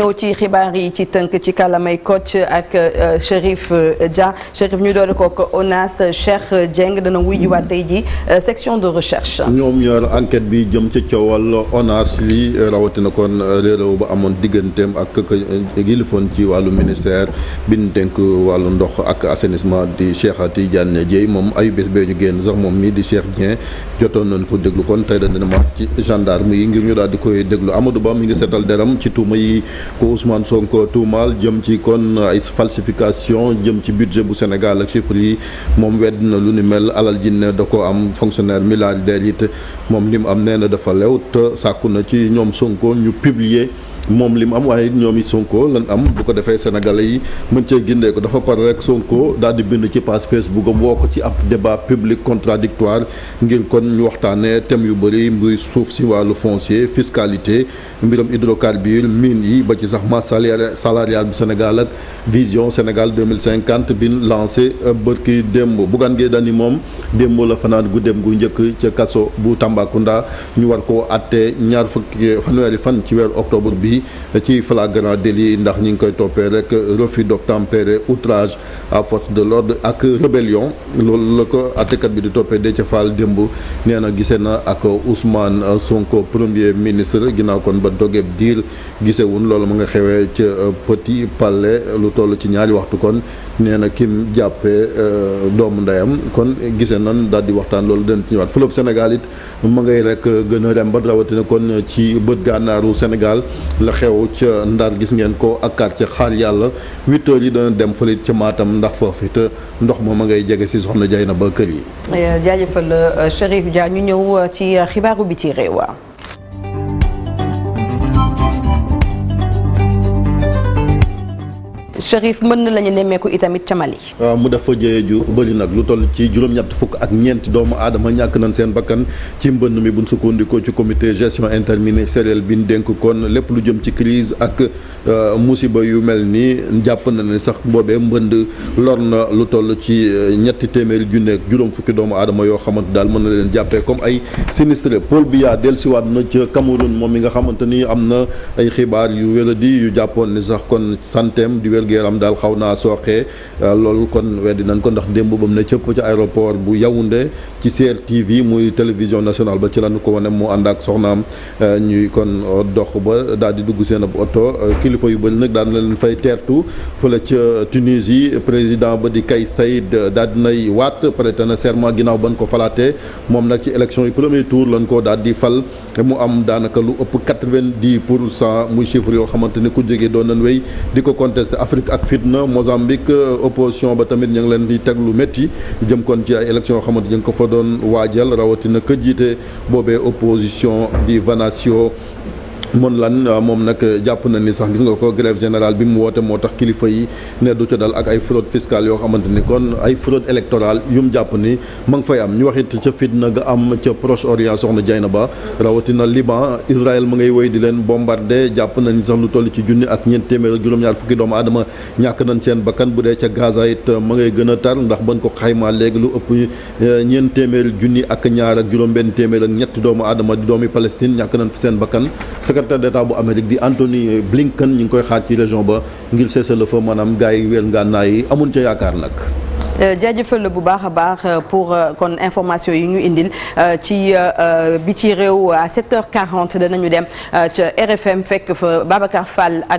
ñëw ci xibaar yi ci tënk ci kàllamay coach ak euh, Chérif euh, Dia Chérif ñu doole kook ONAS Cheikh Dieng dana wuy jiwaat tey ji euh, section de recherche ñoom yor enquête bi jëm ca coowal ONAS li rawatina kon réeréw ba amoon digganteem ak kë gilifoon ci wàllu ministère bi ñu dénk wàllu ndox ak assainissement di Cheikh Tidiane Dièye moom ayu bés bee ñu génn sax moom mii di Cheikh Dieng jotoon noonu ko déglu kon tey dana ci gendarme yi ngir ñu daal di koy déglu Amadou Ba mi ngi seetal deram ci tuuma yi ko Ousmane Sonko tuumaal jëm ci kon ay falsification jëm ci budget bu Sénégal ak chiffres yi moom wedd na lu ni mel alal ji ne da ko am fonctionnaire milliardaire it moom li mu am nee na dafa lew te sàkku na ci ñoom Sonko ñu publier moom li mu am waaye ñoom yi Sonko lan am bu ko defee sénégalais yi mën cee gindee ko dafa pare rek Sonko daal di bind ci page Facebook am woo ko ci ab débat public contradictoire ngir kon ñu waxtaanee thèmes yu bëri mbiru suuf si wàllu foncier fiscalité mbiram hydrocarbures mines yi ba ci sax masse salariale salariale bu Sénégal ak vision Sénégal 2050 bi lancé euh, bërki démb Bougane gee Dany moom démb la fanaan gu dem gu njëkk ca kaso bu Tambacounda ñu war ko attee ñaar fukki fanweeri fan ci weeru octobre bi bi ci flagrant délit ndax ñi ngi koy toppee rek refus d'obtempérer outrage à de l'ordre ak rébellion loolu la ko àttekat bi di toppee de Déthié Fall démb nee na gisee na ak Ousmane Sonko premier ministre ginnaaw kon ba dogeeb diir gisewun loolu ma nga xewee ca euh, Petit pale lu toll ci ñaari waxtu kon nee na kim jàppee euh, doomu ndeyam kon gisee na daal di waxtaan loolu dana ci ñëwaat fleuve Sénégal it ma ngay rek gën a rem ba rawatina kon ci bët gànnaaru Sénégal la xew ca Ndar gis ngeen ko ak quartier xaar yàlla huit heures yi dana dem fële ca Matam ndax foofu te ndox ma a ngay jege si soxna jaay na ba kër yi. jaajëfal euh, Chérif Dia ñu ñëw euh, ci xibaaru bi ci réew Chérif mën na la ñu nemmeeku itamit ca Mali. mu def fa jëye ju bëri nag lu toll ci juróom-ñett fukk ak ñeenti doomu aadama ñàkk nañ seen bakkan ci mbënn mi bu sukkandikoo ci comité gestion interministériel bi ñu dénk kon lépp lu jëm ci crise ak euh, musiba yu mel ni jàpp nañ ne sax boobee mbënd lor na lu toll ci euh, ñetti téeméeri ju nekk juróom fukki doomu aadama yoo xamante daal mën na leen jàppee comme ay sinistre Paul Biya dellusiwaat na ca Cameroun moom mi nga xamante ni am na ay xibaar yu wéradi yu jàppoon ni sax kon santeem di wérgee yaram daal xaw naa sooxee waaw euh, loolu kon weddi nañ ko ndax démb ba mu ne cëpp ci aéroport bu Yaoundé ci CRTV muy télévision nationale ba ci lañu ko wane mu ànd ak soxnaam euh, ñuy kon euh, dox ba daal di dugg seen ab oto kilifa yu bëri nag daan na leen fay teertu fële ca Tunisie président ba di Kais Saïed daal di nay waat prêté na serment ginnaaw ban ko falaatee moom nag ci élection yi premier tour lañ ko daal di fal mu am daanaka lu ëpp 90 pour cent muy chiffre yoo xamante ni ku jógee doon nañ wéy di ko contesté Afrique ak fitna Mozambique. opposition ba tamit ñu ngi leen di teg lu métti jëm kon ci ay élections yoo xamante ñu ko fa doon waajal rawatina ka jiite boobee opposition di Vanasio mon lan euh, moom nag euh, jàpp na ni sax gis nga ko grève générale bi mu woote moo tax kilifa yi ne du ca dal ak ay fraude fiscale yoo xamante ni kon ay fraude électorale yu mu jàpp ni ma ngi fay am ñu wax it ca fitna ga am ca proche orient soxna ba rawatina Liban Israël ma ngay woy di leen bombardé jàpp na ni sax lu toll ci junni ak ñeent téeméer juróom-ñaar fukki doomu adama ñàkk nañ seen bakkan bu dee ca Gaza it euh, ma ngay gën a tar ndax bañ ko xaymaa léegi lu ëpp ñeent téeméer junni ak ñaar juróom-benn téeméer ak ñetti doomu aadama di doomi Palestine ñàkk nañ fi seen bakkan secrétaire d'État bu Amérique di Anthony Blinken ñu ngi koy xaar ci région ba ngir cessez-le-feu maanaam gars yi weer yi amuñ ca yaakaar nag. Euh, jaajëfal la bu baax a baax euh, pour euh, kon information yi ñu indil ci bi ci réew à 7h40 danañu dem ca RFM fekk fa Babacar Fall ak.